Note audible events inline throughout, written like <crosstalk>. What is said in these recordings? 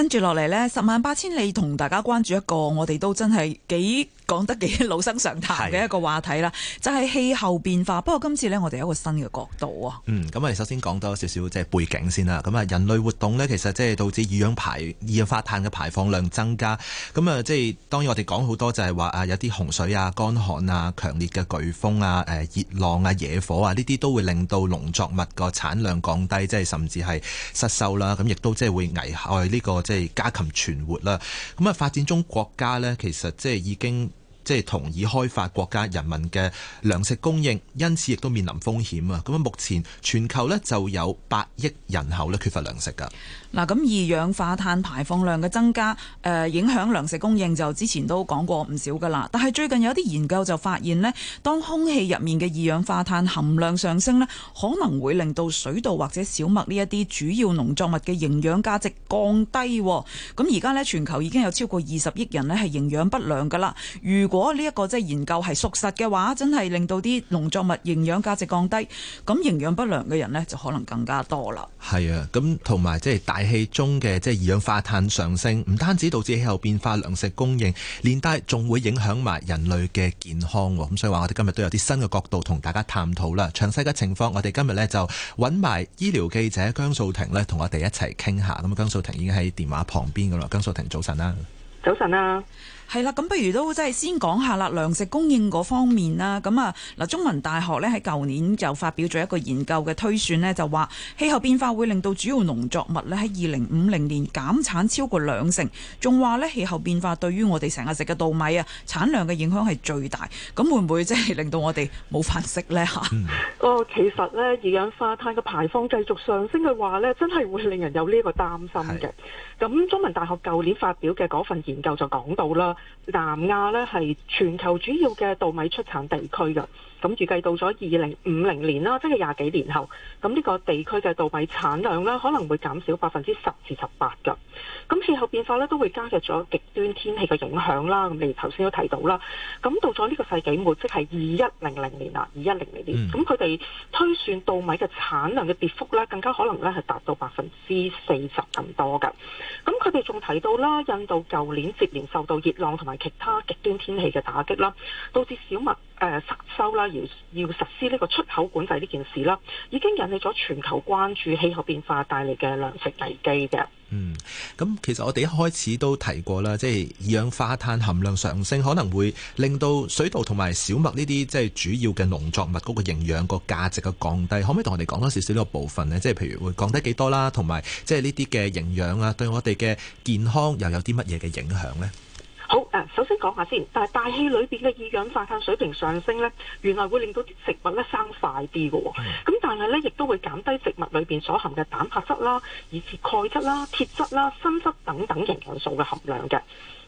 跟住落嚟呢，十萬八千里同大家關注一個，我哋都真係幾講得幾老生常談嘅一個話題啦，是的 就係氣候變化。不過今次呢，我哋有一個新嘅角度啊。嗯，咁我哋首先講多少少即係背景先啦。咁啊，人類活動呢，其實即係導致二氧化碳嘅排放量增加。咁啊，即係當然我哋講好多就係話啊，有啲洪水啊、乾旱啊、強烈嘅颶風啊、誒熱浪啊、野火啊，呢啲都會令到農作物個產量降低，即係甚至係失收啦。咁亦都即係會危害呢個即係家禽存活啦。咁啊，發展中國家呢，其實即係已經。即係同已開發國家人民嘅糧食供應，因此亦都面臨風險啊！咁啊，目前全球呢就有八億人口咧缺乏糧食㗎。嗱，咁二氧化碳排放量嘅增加，誒、呃、影響糧食供應，就之前都講過唔少㗎啦。但係最近有啲研究就發現呢，當空氣入面嘅二氧化碳含量上升呢，可能會令到水稻或者小麥呢一啲主要農作物嘅營養價值降低。咁而家呢，全球已經有超過二十億人咧係營養不良㗎啦。如果如果呢一個即係研究係屬實嘅話，真係令到啲農作物營養價值降低，咁營養不良嘅人呢就可能更加多啦。係啊，咁同埋即係大氣中嘅即係二氧化碳上升，唔單止導致氣候變化、糧食供應，連帶仲會影響埋人類嘅健康。咁所以話我哋今日都有啲新嘅角度同大家探討啦。詳細嘅情況，我哋今日呢就揾埋醫療記者姜素婷呢，同我哋一齊傾下。咁姜素婷已經喺電話旁邊噶啦。姜素婷，早晨啦，早晨啊！係啦，咁不如都即係先講下啦，糧食供應嗰方面啦。咁啊，嗱，中文大學呢喺舊年就發表咗一個研究嘅推算呢，就話氣候變化會令到主要農作物呢喺二零五零年減產超過兩成，仲話呢，氣候變化對於我哋成日食嘅稻米啊產量嘅影響係最大。咁會唔會即係令到我哋冇飯食呢？吓、 <laughs> 嗯，哦，其實呢，二氧化碳嘅排放繼續上升嘅話呢，真係會令人有呢個擔心嘅。咁的中文大學舊年發表嘅嗰份研究就講到啦。南亞咧係全球主要嘅稻米出產地區嘅。咁預計到咗二零五零年啦，即係廿幾年後，咁、這、呢個地區嘅稻米產量咧可能會減少百分之十至十八嘅。咁氣候變化咧都會加劇咗極端天氣嘅影響啦。咁你頭先都提到啦，咁到咗呢個世紀末，即係二一零零年啊，二一零零年，咁佢哋推算稻米嘅產量嘅跌幅呢，更加可能咧係達到百分之四十咁多嘅。咁佢哋仲提到啦，印度舊年接連受到熱浪同埋其他極端天氣嘅打擊啦，導致小麥。誒，實收啦，要要實施呢個出口管制呢件事啦，已經引起咗全球關注氣候變化帶嚟嘅糧食危機嘅。嗯，咁其實我哋一開始都提過啦，即係二氧化碳含量上升可能會令到水稻同埋小麥呢啲即係主要嘅農作物嗰個營養個價值嘅降低，可唔可以同我哋講多少少呢個部分呢？即係譬如會降低幾多啦，同埋即係呢啲嘅營養啊，對我哋嘅健康又有啲乜嘢嘅影響呢？首先講下先，但係大氣裏邊嘅二氧化碳水平上升呢，原來會令到啲植物咧生快啲嘅喎。咁、嗯、但係咧，亦都會減低植物裏邊所含嘅蛋白質啦、以至鈣質啦、鐵質啦、鋅質等等營養素嘅含量嘅。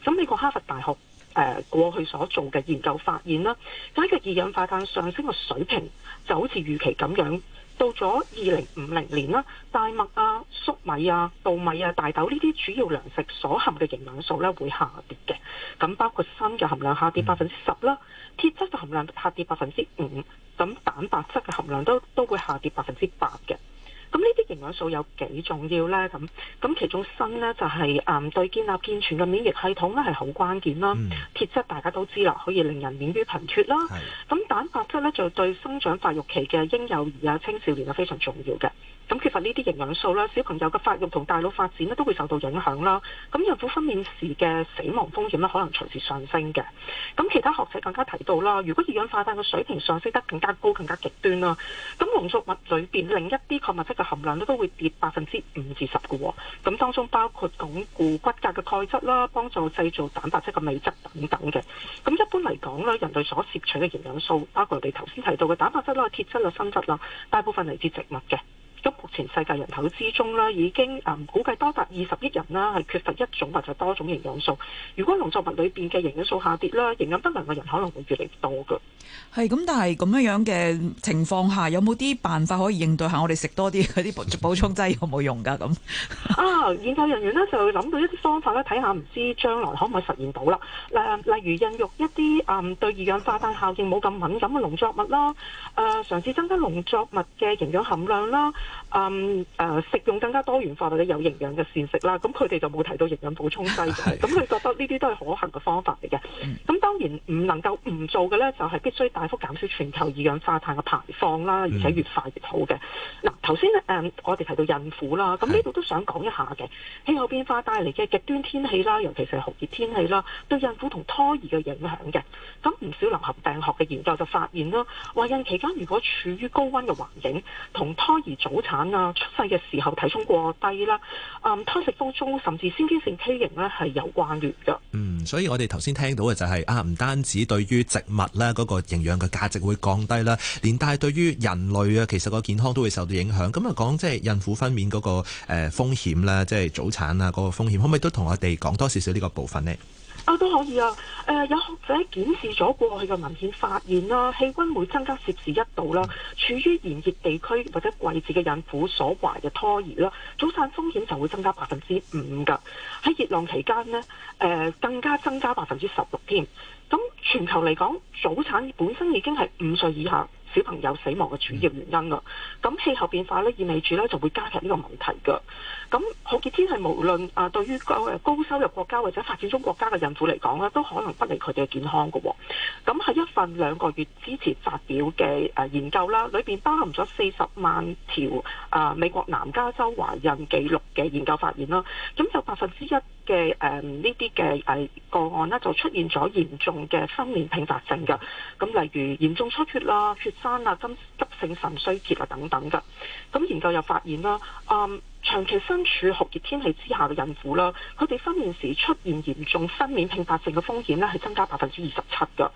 咁美國哈佛大學誒、呃、過去所做嘅研究發現啦，解、那個二氧化碳上升嘅水平就好似預期咁樣。到咗二零五零年啦，大麥啊、粟米啊、稻米啊、大豆呢啲主要糧食所含嘅營養素咧會下跌嘅，咁包括鋅嘅含量下跌百分之十啦，鐵質嘅含量下跌百分之五，咁蛋白質嘅含量都都會下跌百分之八嘅。咁呢啲營養素有幾重要呢？咁咁其中鋅呢，就係、是、誒、嗯、對建立健全嘅免疫系統呢係好關鍵咯。鐵、嗯、質大家都知啦，可以令人免於貧血啦。咁是蛋白質呢，就對生長發育期嘅嬰幼兒啊、青少年啊非常重要嘅。咁缺乏呢啲營養素咧，小朋友嘅發育同大腦發展咧都會受到影響啦。咁孕婦分娩時嘅死亡風險呢，可能隨時上升嘅。咁其他學者更加提到啦，如果二氧化碳嘅水平上升得更加高、更加極端啦，咁農作物裏邊另一啲礦物質含量都會跌百分之五至十嘅、哦，咁當中包括鞏固骨骼嘅鈣質啦，幫助製造蛋白質嘅鎂質等等嘅。咁一般嚟講咧，人類所攝取嘅營養素，包括我哋頭先提到嘅蛋白質啦、鐵質啦、鋅質啦，大部分嚟自植物嘅。咁目前世界人口之中咧，已經誒、嗯、估計多達二十億人啦，係缺乏一種或者多種營養素。如果農作物裏邊嘅營養素下跌啦，營養不良嘅人可能會越嚟越多嘅。係咁，但係咁樣樣嘅情況下，有冇啲辦法可以應對下我有有？我哋食多啲嗰啲補充劑有冇用噶？咁啊，研究人員呢就會諗到一啲方法咧，睇下唔知將來可唔可以實現到啦。例例如孕育一啲誒、呃、對二氧化碳效應冇咁敏感嘅農作物啦，誒、呃、嘗試增加農作物嘅營養含量啦。嗯，誒、呃，食用更加多元化或者有營養嘅膳食啦，咁佢哋就冇提到營養補充劑，咁、啊、佢覺得呢啲都係可行嘅方法嚟嘅。咁、啊、當然唔能夠唔做嘅呢，就係必須大幅減少全球二氧化碳嘅排放啦，而且越快越好嘅。嗱、啊，頭先誒我哋提到孕婦啦，咁呢度都想講一下嘅氣候變化帶嚟嘅極端天氣啦，尤其是酷熱天氣啦，對孕婦同胎兒嘅影響嘅。咁唔少流行病學嘅研究就發現啦，懷孕期間如果處於高温嘅環境，同胎兒早產。啊！出世嘅時候體重過低啦，啊食當中甚至先天性畸形呢係有關聯嘅。嗯，所以我哋頭先聽到嘅就係、是、啊，唔單止對於植物咧嗰、那個營養嘅價值會降低啦，連帶對於人類啊，其實個健康都會受到影響。咁啊，講即係孕婦分娩嗰個誒風險啦，即、就、係、是、早產啊嗰個風險，可唔可以都同我哋講多少少呢個部分呢？啊都可以啊！誒、呃、有學者檢視咗過去嘅文獻，發現啦、啊、氣温會增加攝氏一度啦、啊，處於炎熱地區或者季節嘅孕婦所懷嘅胎兒啦、啊，早產風險就會增加百分之五㗎。喺熱浪期間呢，誒、呃、更加增加百分之十六添。咁全球嚟講，早產本身已經係五歲以下小朋友死亡嘅主要原因啦、啊。咁氣候變化咧，意味住咧就會加劇呢個問題㗎。咁好幾天係無論啊，對於高收入國家或者發展中國家嘅孕婦嚟講咧，都可能不利佢哋嘅健康嘅哦。咁係一份兩個月之前發表嘅誒研究啦，裏邊包含咗四十萬條啊美國南加州懷孕記錄嘅研究發現啦。咁有百分之一嘅誒呢啲嘅誒個案呢，就出現咗嚴重嘅心臟病併發症嘅。咁例如嚴重出血啦、血栓啊、急急性腎衰竭啊等等嘅。咁研究又發現啦，嗯。長期身處酷熱天氣之下嘅孕婦啦，佢哋分娩時出現嚴重分娩併發症嘅風險咧，係增加百分之二十七㗎。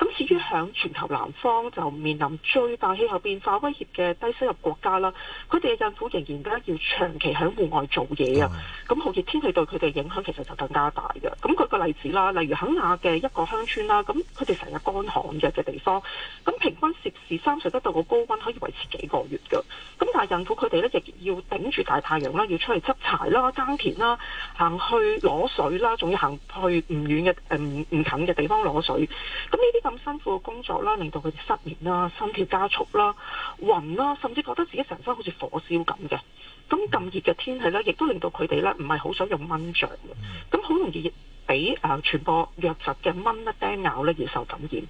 咁至於喺全球南方就面臨最大氣候變化威脅嘅低收入國家啦，佢哋嘅孕婦仍然咧要長期喺戶外做嘢啊，咁、嗯、好熱天氣對佢哋影響其實就更加大嘅。咁舉個例子啦，例如肯亞嘅一個鄉村啦，咁佢哋成日乾旱嘅嘅地方，咁平均攝氏三十一度嘅高溫可以維持幾個月㗎。咁但係孕婦佢哋呢亦要頂住大太陽啦，要出嚟執柴啦、耕田啦、行去攞水啦，仲要行去唔遠嘅唔唔近嘅地方攞水。咁呢啲咁辛苦嘅工作啦，令到佢哋失眠啦、心跳加速啦、暈啦，甚至覺得自己成身好似火燒咁嘅。咁咁熱嘅天氣咧，亦都令到佢哋咧唔係好想用蚊帳嘅，咁好容易。俾啊、呃、傳播瘧疾嘅蚊一叮咬咧，而受感染。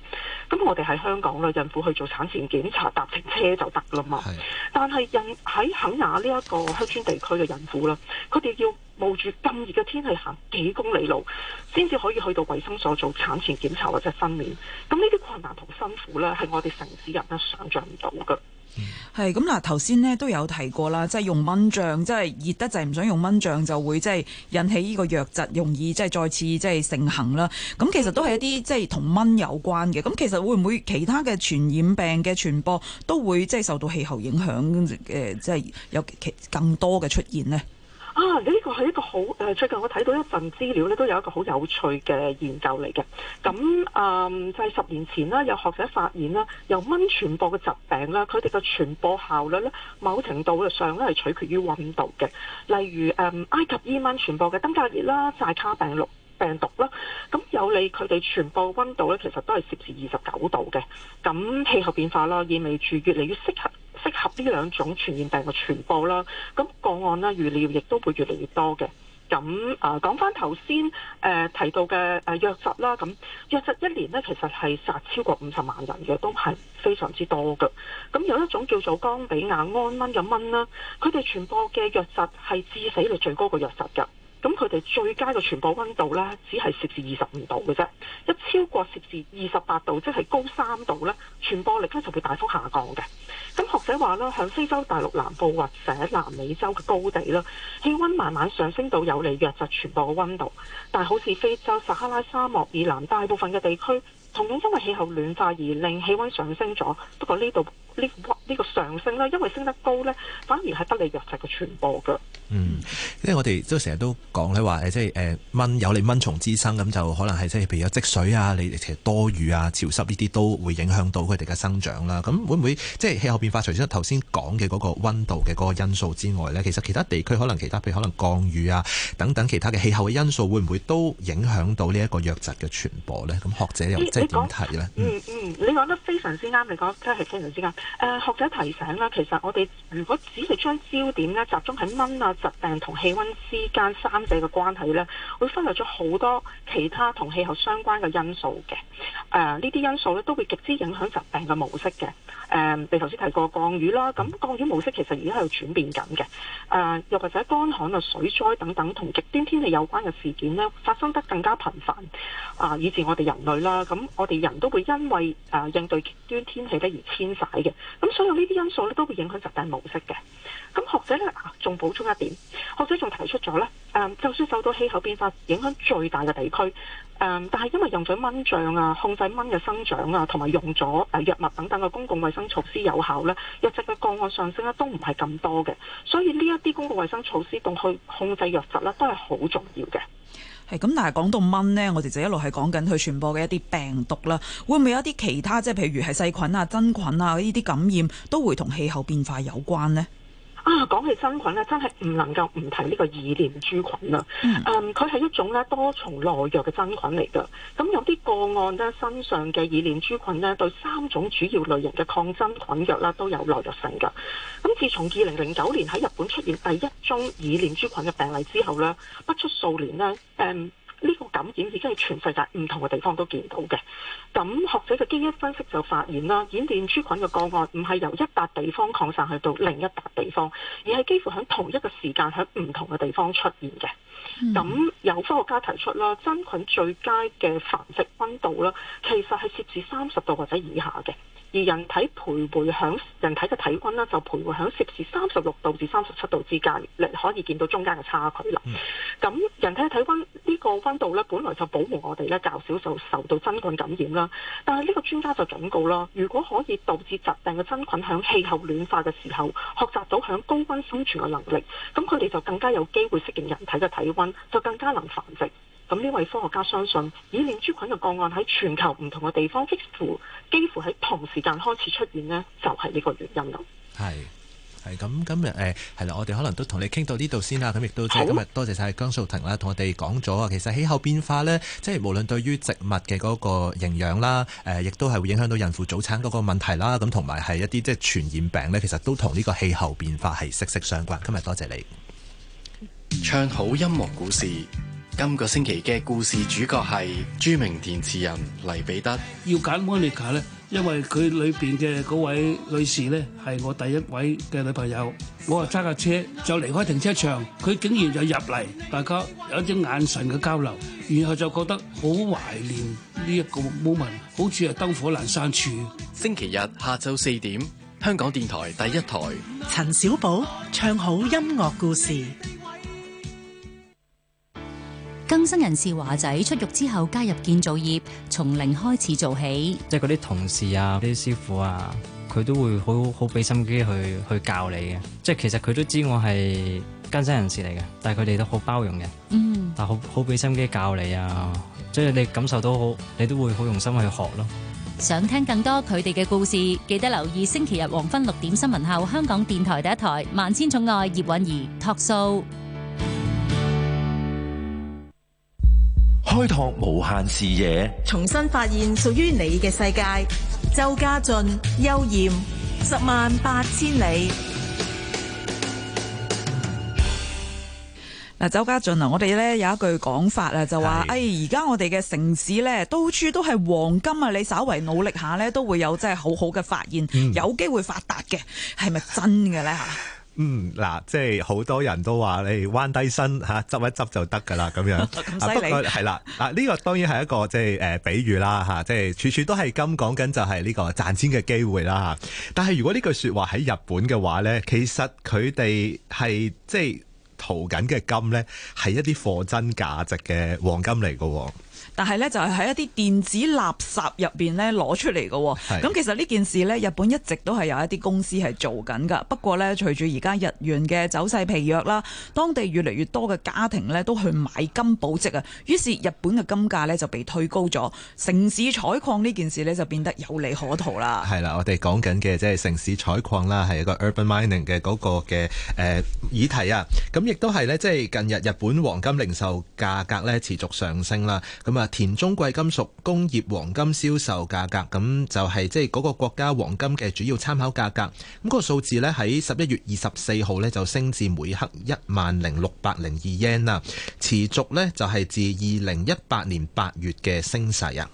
咁我哋喺香港咧，孕婦去做產前檢查搭乘車就得啦嘛。的但係孕喺肯雅呢一個鄉村地區嘅孕婦啦，佢哋要冒住咁熱嘅天氣行幾公里路，先至可以去到衞生所做產前檢查或者分娩。咁呢啲困難同辛苦咧，係我哋城市人咧想象唔到嘅。係咁，嗱，頭先咧，都有提過啦，即係用蚊帳，即係熱得滯唔想用蚊帳，就會即係引起呢個瘧疾，容易即係再次即係盛行啦。咁其實都係一啲即係同蚊有關嘅。咁其實會唔會其他嘅傳染病嘅傳播都會即係受到氣候影響？誒，即係有其更多嘅出現呢？啊！呢、這個係一個好誒，最近我睇到一份資料咧，都有一個好有趣嘅研究嚟嘅。咁啊，喺、嗯、十、就係、年前啦，有學者發現啦，由蚊傳播嘅疾病啦，佢哋嘅傳播效率咧，某程度上咧係取決於温度嘅。例如誒、嗯，埃及伊蚊傳播嘅登革熱啦、寨卡病毒。病毒啦，咁有利佢哋傳播温度咧，其實都係攝氏二十九度嘅。咁氣候變化啦，意味住越嚟越適合適合呢兩種傳染病嘅傳播啦。咁、那個案啦，預料亦都會越嚟越多嘅。咁啊、呃，講翻頭先誒提到嘅誒、呃、瘧疾啦，咁瘧疾一年咧，其實係殺超過五十萬人嘅，都係非常之多嘅。咁有一種叫做岡比亞按蚊嘅蚊啦，佢哋傳播嘅瘧疾係致死率最高嘅瘧疾嘅。咁佢哋最佳嘅傳播温度呢，只係攝氏二十五度嘅啫。一超過攝氏二十八度，即係高三度呢，傳播力咧就會大幅下降嘅。咁學者話咧，響非洲大陸南部或者南美洲嘅高地咧，氣温慢慢上升到有利瘧疾傳播嘅温度。但係好似非洲撒哈拉沙漠以南大部分嘅地區，同樣因為氣候暖化而令氣温上升咗。不過呢度。呢個上升啦，因為升得高咧，反而係不利瘧疾嘅傳播嘅。嗯，因為我哋都成日都講咧話，誒即係誒蚊有利蚊蟲滋生，咁就可能係即係譬如有積水啊，你其實多雨啊、潮濕呢啲都會影響到佢哋嘅生長啦。咁會唔會即係氣候變化除咗頭先講嘅嗰個温度嘅嗰個因素之外咧，其實其他地區可能其他譬如可能降雨啊等等其他嘅氣候嘅因素，會唔會都影響到呢一個瘧疾嘅傳播咧？咁學者又即係點睇咧？嗯嗯，你講得非常之啱，你講真係非常之啱。誒、uh, 學者提醒啦，其實我哋如果只係將焦點咧集中喺蚊啊、疾病同氣温之間三者嘅關係咧，會忽略咗好多其他同氣候相關嘅因素嘅。誒呢啲因素咧都會極之影響疾病嘅模式嘅。誒、uh,，你頭先提過降雨啦，咁降雨模式其實而家喺度轉變緊嘅。誒、uh,，又或者乾旱啊、水災等等同極端天氣有關嘅事件咧，發生得更加頻繁啊，uh, 以至我哋人類啦，咁我哋人都會因為誒、uh, 應對極端天氣咧而遷徙嘅。咁所有呢啲因素咧都會影響疾病模式嘅。咁學者咧仲補充一點，學者仲提出咗咧，誒、嗯，就算受到氣候變化影響最大嘅地區，誒、嗯，但係因為用咗蚊帳啊、控制蚊嘅生長啊，同埋用咗誒藥物等等嘅公共衛生措施有效咧，瘧疾嘅個案上升咧都唔係咁多嘅。所以呢一啲公共衛生措施，同去控制瘧疾咧，都係好重要嘅。係咁，但係講到蚊呢，我哋就一路係講緊佢傳播嘅一啲病毒啦。會唔會有一啲其他，即係譬如係細菌啊、真菌啊呢啲感染，都會同氣候變化有關呢？啊，講起真菌咧，真係唔能夠唔提呢個耳念珠菌啦。嗯，佢係一種咧多重耐藥嘅真菌嚟㗎。咁、嗯、有啲個案咧身上嘅耳念珠菌咧，對三種主要類型嘅抗真菌藥啦都有耐藥性㗎。咁、嗯、自從二零零九年喺日本出現第一宗耳念珠菌嘅病例之後咧，不出數年咧，誒、嗯。呢個感染已經係全世界唔同嘅地方都見到嘅。咁學者嘅基因分析就發現啦，耳念珠菌嘅個案唔係由一笪地方擴散去到另一笪地方，而係幾乎喺同一個時間喺唔同嘅地方出現嘅。咁、嗯、有科學家提出啦，真菌最佳嘅繁殖温度啦，其實係攝氏三十度或者以下嘅。而人體徘徊響人體嘅體温呢就徘徊響攝氏三十六度至三十七度之間，你可以見到中間嘅差距啦。咁、嗯、人體嘅體温呢、這個温度呢，本來就保護我哋呢較少受受到真菌感染啦。但係呢個專家就警告啦，如果可以導致疾病嘅真菌響氣候暖化嘅時候，學習到響高温生存嘅能力，咁佢哋就更加有機會適應人體嘅體温，就更加能繁殖。咁呢位科學家相信，以念珠菌嘅個案喺全球唔同嘅地方，幾乎幾乎喺同時間開始出現呢就係、是、呢個原因咯。係係咁咁誒，係啦、呃，我哋可能都同你傾到呢度先啦。咁亦都即係今日多謝晒姜素婷啦，同我哋講咗啊。其實氣候變化呢，即係無論對於植物嘅嗰個營養啦，誒、呃，亦都係會影響到孕婦早產嗰個問題啦。咁同埋係一啲即係傳染病呢，其實都同呢個氣候變化係息息相關。今日多謝，謝你，唱好音樂故事。今個星期嘅故事主角係著名填詞人黎彼得。要揀 Monica 咧，因為佢裏邊嘅嗰位女士咧係我第一位嘅女朋友。我啊揸架車就離開停車場，佢竟然就入嚟，大家有一種眼神嘅交流，然後就覺得好懷念呢一個 moment，好似係燈火闌珊處。星期日下晝四點，香港電台第一台，陳小寶唱好音樂故事。更新人士華仔出獄之後加入建造業，從零開始做起。即係嗰啲同事啊，啲師傅啊，佢都會好好俾心機去去教你嘅。即係其實佢都知我係更新人士嚟嘅，但係佢哋都好包容嘅。嗯，但係好好俾心機教你啊，即係你感受到好，你都會好用心去學咯。想聽更多佢哋嘅故事，記得留意星期日黃昏六點新聞後，香港電台第一台萬千寵愛葉韻儀托數。開拓無限視野，重新發現屬於你嘅世界。周家俊，邱艷，十萬八千里。嗱，周家俊啊，我哋咧有一句講法啊，就話，是哎，而家我哋嘅城市咧，到處都係黃金啊！你稍為努力下咧，都會有即係好好嘅發現，嗯、有機會發達嘅，係咪真嘅咧吓？嗯，嗱，即係好多人都話你、欸、彎低身嚇，執、啊、一執就得噶啦，咁樣 <laughs> 咁犀利、啊。不過係啦，嗱、啊、呢、呢個當然係一個即係誒比喻啦，嚇、啊，即係處處都係金講緊，就係、是、呢個賺錢嘅機會啦，嚇、啊。但係如果呢句説話喺日本嘅話咧，其實佢哋係即係淘緊嘅金咧，係一啲貨真價值嘅黃金嚟嘅喎。但係呢，就係、是、喺一啲電子垃圾入邊呢攞出嚟嘅、哦。咁是其實呢件事呢，日本一直都係有一啲公司係做緊噶。不過呢，隨住而家日元嘅走勢疲弱啦，當地越嚟越多嘅家庭呢都去買金保值啊，於是日本嘅金價呢就被推高咗。城市採礦呢件事呢，就變得有利可圖啦。係啦，我哋講緊嘅即係城市採礦啦，係一個 urban mining 嘅嗰個嘅誒、呃、議題啊。咁亦都係呢，即、就、係、是、近日日本黃金零售價格呢持續上升啦。咁啊～田中貴金屬工業黃金銷售價格，咁就係即係嗰個國家黃金嘅主要參考價格，咁個數字呢，喺十一月二十四號呢就升至每克一萬零六百零二日圓啦，持續呢就係自二零一八年八月嘅升勢啊。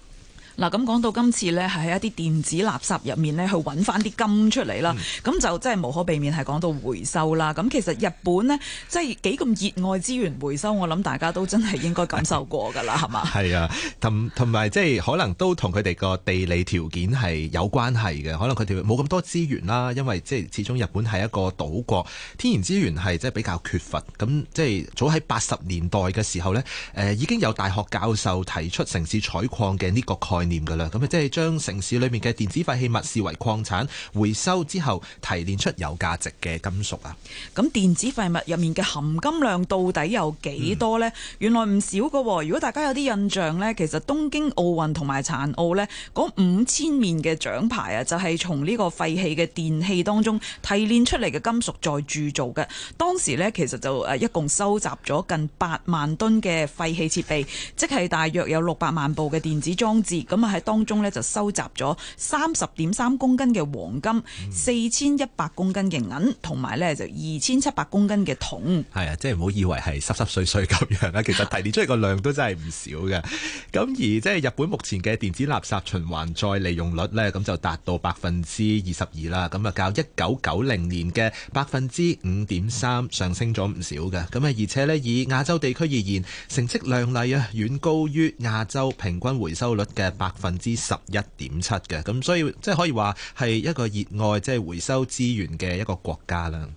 嗱，咁講到今次咧，係喺一啲電子垃圾入面咧，去揾翻啲金出嚟啦。咁、嗯、就真係無可避免係講到回收啦。咁其實日本咧，即係幾咁熱愛資源回收，我諗大家都真係應該感受過噶啦，係嘛 <laughs> 吧？係啊，同同埋即係可能都同佢哋個地理條件係有關係嘅。可能佢哋冇咁多資源啦，因為即係始終日本係一個島國天然資源係即係比較缺乏。咁即係早喺八十年代嘅時候咧，誒、呃、已經有大學教授提出城市採礦嘅呢個概念。念噶啦，咁即係將城市裏面嘅電子廢棄物視為礦產回收之後，提煉出有價值嘅金屬啊！咁電子廢物入面嘅含金量到底有幾多呢？嗯、原來唔少噶、哦。如果大家有啲印象呢，其實東京奧運同埋殘奧呢，嗰五千面嘅獎牌啊，就係從呢個廢棄嘅電器當中提煉出嚟嘅金屬再鑄造嘅。當時呢，其實就誒一共收集咗近八萬噸嘅廢棄設備，即係大約有六百萬部嘅電子裝置。咁啊喺當中呢，就收集咗三十點三公斤嘅黃金、四千一百公斤嘅銀，同埋呢就二千七百公斤嘅銅。係啊、嗯，即係唔好以為係濕濕碎碎咁樣啦，其實提煉出嚟個量都真係唔少嘅。咁 <laughs> 而即係日本目前嘅電子垃圾循環再利用率呢，咁就達到百分之二十二啦。咁啊，較一九九零年嘅百分之五點三上升咗唔少嘅。咁啊，而且呢，以亞洲地區而言，成績亮麗啊，遠高於亞洲平均回收率嘅百分之十一點七嘅，咁所以即係可以話係一個熱愛即係回收資源嘅一個國家啦。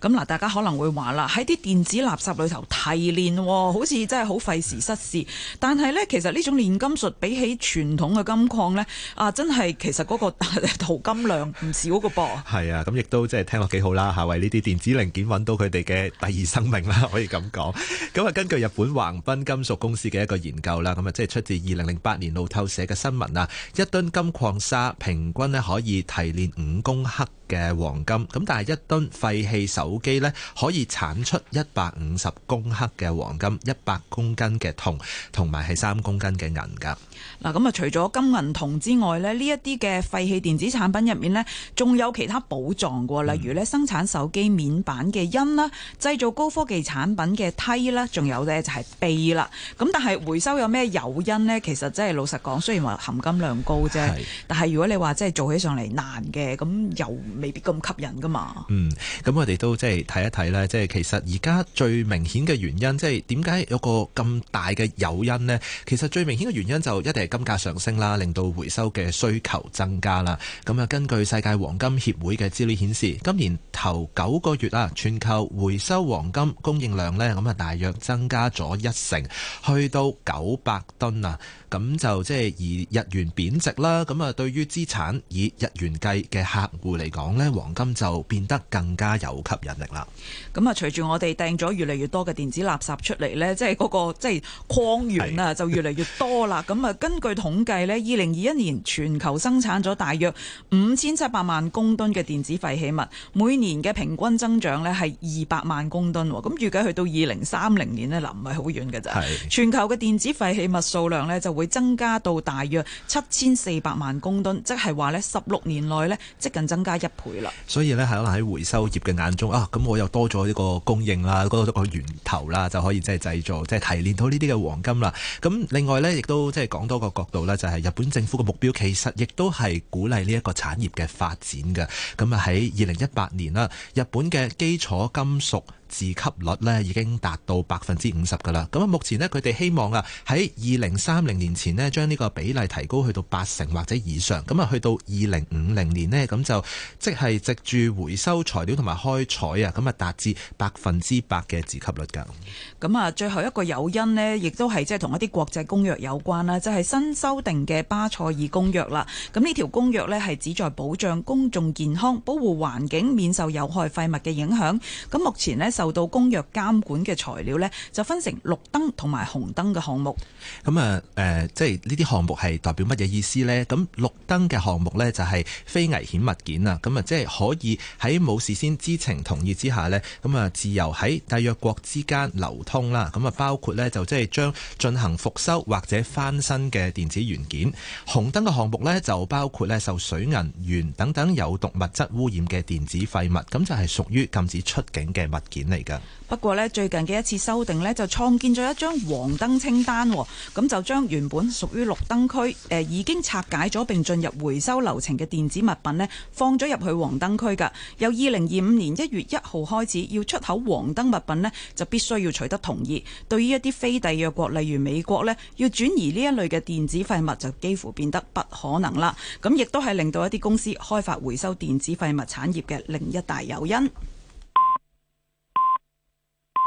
咁嗱，大家可能會話啦，喺啲電子垃圾裏頭提煉，好似真係好費時失事。但係咧，其實呢種煉金術比起傳統嘅金礦咧，啊，真係其實嗰個淘金量唔少噶噃。係啊，咁亦都即係聽落幾好啦，吓為呢啲電子零件搵到佢哋嘅第二生命啦，可以咁講。咁啊，根據日本橫濱金屬公司嘅一個研究啦，咁啊，即係出自二零零八年路透社。嘅新聞啊，一噸金礦砂平均咧可以提煉五公克。嘅黃金，咁但係一噸廢棄手機呢，可以產出一百五十公克嘅黃金，一百公斤嘅銅，同埋係三公斤嘅銀噶。嗱，咁啊，除咗金銀銅之外呢，呢一啲嘅廢棄電子產品入面呢，仲有其他寶藏嘅喎，例如呢，生產手機面板嘅因啦，製造高科技產品嘅梯啦，仲有呢，就係銻啦。咁但係回收有咩誘因呢？其實真係老實講，雖然話含金量高啫，是但係如果你話真係做起上嚟難嘅，咁又未必咁吸引㗎嘛？嗯，咁我哋都即係睇一睇咧，即係其實而家最明顯嘅原因，即係點解有個咁大嘅誘因咧？其實最明顯嘅原因就一定係金價上升啦，令到回收嘅需求增加啦。咁啊，根據世界黃金協會嘅資料顯示，今年頭九個月啊，全球回收黃金供應量咧，咁啊大約增加咗一成，去到九百噸啊。咁就即係以日元貶值啦，咁啊對於資產以日元計嘅客戶嚟講。講黃金就變得更加有吸引力啦。咁啊，隨住我哋掟咗越嚟越多嘅電子垃圾出嚟呢，即係嗰個即係礦源啊，就，是，就越嚟越多啦。咁啊，根據統計呢，二零二一年全球生產咗大約五千七百萬公噸嘅電子廢棄物，每年嘅平均增長呢係二百萬公噸。咁預計去到二零三零年呢，嗱唔係好遠嘅啫。 <laughs> 全球嘅電子廢棄物數量呢，就會增加到大約七千四百萬公噸，即係話呢，十六年內呢，即近，近增加一。啦，所以咧，係可能喺回收業嘅眼中啊，咁我又多咗一個供應啦，多咗個源頭啦，就可以即係製造，即係提煉到呢啲嘅黃金啦。咁另外咧，亦都即係講多個角度咧，就係日本政府嘅目標，其實亦都係鼓勵呢一個產業嘅發展嘅。咁啊，喺二零一八年啦，日本嘅基礎金屬。自給率呢已經達到百分之五十噶啦，咁啊目前呢，佢哋希望啊喺二零三零年前呢，將呢個比例提高去到八成或者以上，咁啊去到二零五零年呢，咁就即係藉住回收材料同埋開採啊，咁啊達至百分之百嘅自給率噶。咁啊最後一個誘因呢，亦都係即係同一啲國際公約有關啦，就係新修訂嘅巴塞爾公約啦。咁呢條公約呢，係旨在保障公眾健康、保護環境、免受有害廢物嘅影響。咁目前呢。受到公約監管嘅材料呢，就分成綠燈同埋紅燈嘅項目。咁啊，誒，即係呢啲項目係代表乜嘢意思呢？咁綠燈嘅項目呢，就係非危險物件啊。咁啊，即係可以喺冇事先知情同意之下呢，咁啊，自由喺締約國之間流通啦。咁啊，包括呢，就即係將進行復修或者翻新嘅電子元件。紅燈嘅項目呢，就包括呢，受水銀、鉛等等有毒物質污染嘅電子廢物。咁就係、是、屬於禁止出境嘅物件，嚟噶。不過咧，最近嘅一次修訂咧，就創建咗一張黃燈清單，咁、哦、就將原本屬於綠燈區，誒、呃、已經拆解咗並進入回收流程嘅電子物品咧，放咗入去黃燈區噶。由二零二五年一月一號開始，要出口黃燈物品咧，就必須要取得同意。對於一啲非締約國，例如美國咧，要轉移呢一類嘅電子廢物，就幾乎變得不可能啦。咁亦都係令到一啲公司開發回收電子廢物產業嘅另一大誘因。